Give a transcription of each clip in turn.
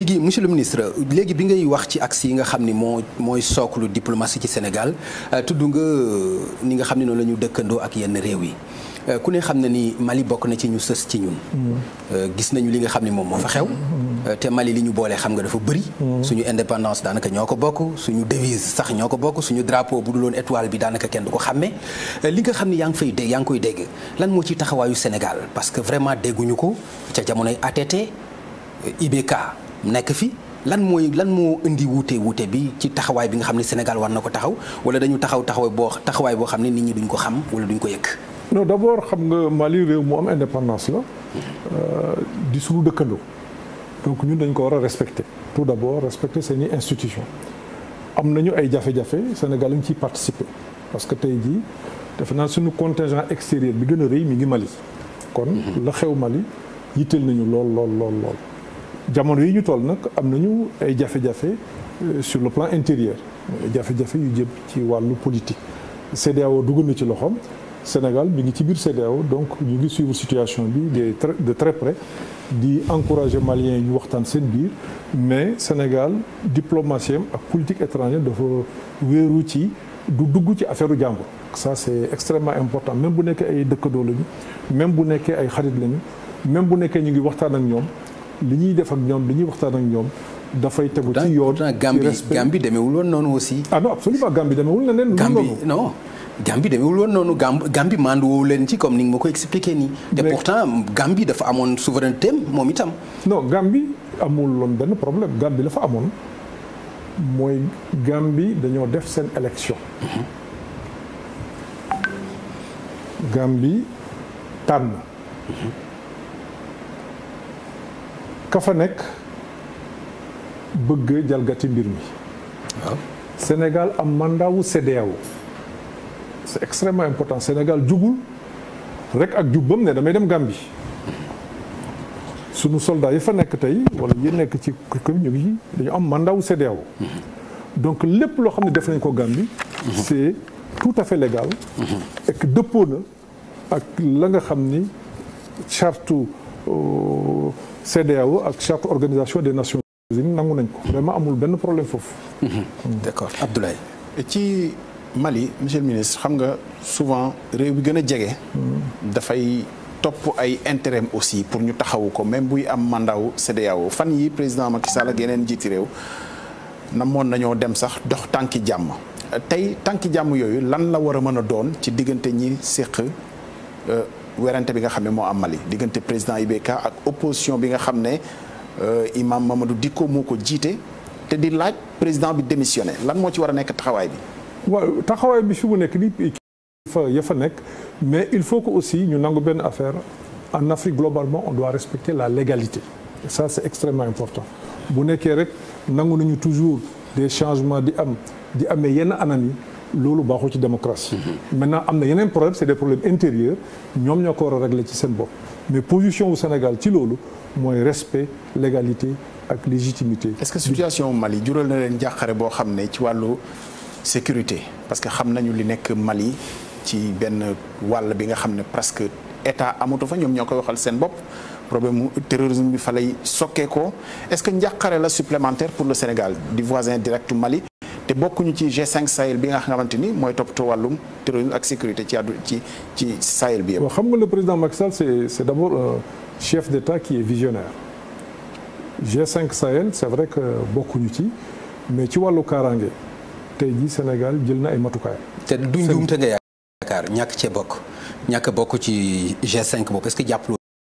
léegi monsieur le ministre léegi bi ngay wax ci axe yi nga xam ni moo mooy lu diplomatie ci Sénégal euh, tuddu nga euh, ni nga xam ne noonu la ñu dëkkandoo ak yenn réew yi euh, ku ne xam na ni Mali bokk na ci ñu sës ci ñun. Mm. gis nañu li nga xam ne moom moo fa xew. Mm. te Mali li ñu boolee xam nga dafa bëri. Mm. suñu indépendance daanaka ñoo ko bokk suñu devise sax ñoo ko bokk suñu drapeau bu du duloon étoile bi daanaka kenn du ko xàmmee. li nga xam ni yaa ngi fay dégg yaa ngi koy dégg lan moo ci taxawaayu Sénégal parce que vraiment dégguñu ko ca jamonoy ATT IBK. nekk fi lan mooy lan moo indi wuute wuute bi ci taxawaay bi nga xam ne Sénégal war na ko taxaw wala dañu taxaw taxawaay boo taxawaay boo xam ne nit ñi duñ ko xam wala duñ ko yëg. non d' xam nga Mali réew mu am indépendance la euh, di suñu dëkkandoo donc ñun dañ ko war a respecter tout d' abord respecter seeni institution am nañu ay jafe-jafe Sénégal lañ ciy participer parce que tey jii defe naa suñu contingent extérieur bi gën a rëy mi ngi Mali kon mhm. la xew Mali yitteel nañu lool lool. jamono yi ñu toll nak am nañu ay jafé jafé euh, sur le plan intérieur jafé jafé yu jëm ci walu politique CDAO dugg na ci loxom Sénégal mi ngi ci bir CDAO donc ñu ngi suivre situation bi de très de très près di encourager Maliens ñu waxtaan seen bir mais Sénégal diplomatie ak politique étrangère dafa wéru ci du dugg ci affaire u ça c'est extrêmement important même bu nekk ay do lañu même bu nekk ay xarit lañu même bu nekk ñu ngi waxtaan ak ñom liñuy def ak ñom liñuy ñuy waxtaan ak ñoom. dafay tegu ci yoon ci respect Gambie Gambie demeewul woon aussi. ah non absolument Gambie demeewul na non. Gambie non Gambie demeewul woon non. Gambie mandu woowu ci comme ni mako expliquer ni expliqué nii. pourtant Gambie dafa amoon souveraineté mom itam. non Gambie amul lon benn problème Gambie la fa amone moy Gambie dañoo def sen élection. Mhm. Gambie tan ka fa Djalgatin Birmi, mbir mi. Ah. Sénégal am mandat wu c'est extrêmement important Sénégal jugul rek ak jubbam ne damay dem Gambie sunu soldat yi fa nekk tey wala yi nekk ci commune yi dañu am mandat wu donc lépp loo xam ne def nañ ko Gambie. c'est tout à fait légal. Mm-hmm. et que dëppoo na ak la nga xam ni charte au euh, CEDEAO ak chaque organisation des nations unies nangu nañ ko vraiment amul benn problème foofu. Mhm. Hmm. d'accord Abdoulaye. ci Mali monsieur le ministre xam nga souvent réew bi gën a jege. Hmm. dafay top ay intérêt aussi pour ñu taxawu ko même buy am mandat CDAO fan yi président Macky Sall ak yeneen jiiti réew namoon nañoo dem sax dox tanki jàmm. tay tanki jàmm yoyu lan la wara a mën doon ci digënté ñi séq. Euh, werante bi nga xamné mo moo am Mali diggante président IBK ak opposition bi nga xamné euh imam Mamadou Dicko moko jité té di laaj président bi démissionné lan mo ci wara nek taxaway bi. wa taxaway bi fi nek nekk fa ya fa nekk mais il faut que aussi ñu nangu ben affaire en Afrique globalement on doit respecter la légalité et ça c'est extrêmement important bu nekké rek nangu nañu toujours des changements di am di amé yenn anam yi c'est baaxul ci démocratie mhm. maintenant y a un problème c'est des problèmes intérieurs ñom ñoko encore à régler ci sen mais position au Sénégal ci lolu respect légalité la légitimité est-ce que la situation au Mali jural na len jaxaré bo sécurité parce que xam nañu li nek Mali ci est wàll bi nga presque état amatu fa ñom encore le waxal sen problème terrorisme bi faut le ko est-ce que njàqare la supplémentaire pour le Sénégal du voisin direct Mali te bokkuñu ci G5 Sahel bi nga xamanteni moy top to wàllum terrorisme ak sécurité ci ci ci Sahel bi yëpp. xam nga le président Macky Sall c'est c'est d'abord un chef d'État qui est visionnaire G5 Sahel c'est vrai que bokkuñu ci mais ci wàllu karangé tay jii Sénégal jël na ay matukaay. te duñ juumte nga yaakaar ñak ci bokk ñak bokk ci G5 boobu est-ce que jàppaloo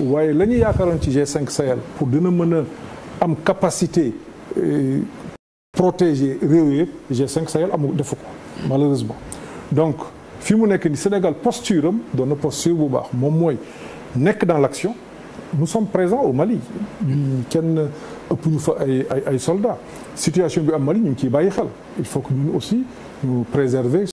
waye lañu ñu yaakaaroon ci G5 Sahel pour dina mën a am capacité euh, protéger réew yëpp G5 Sahel am defu malheureusement donc fi mu nekk ni Sénégal posture am doon na posture bu baax moom mooy nekk dans l'action nous sommes présents au Mali kenn ëpp ñu fa ay ay ay soldats situation bi am Mali ñu ngi ciy bàyyi il faut que nous aussi ñu préserver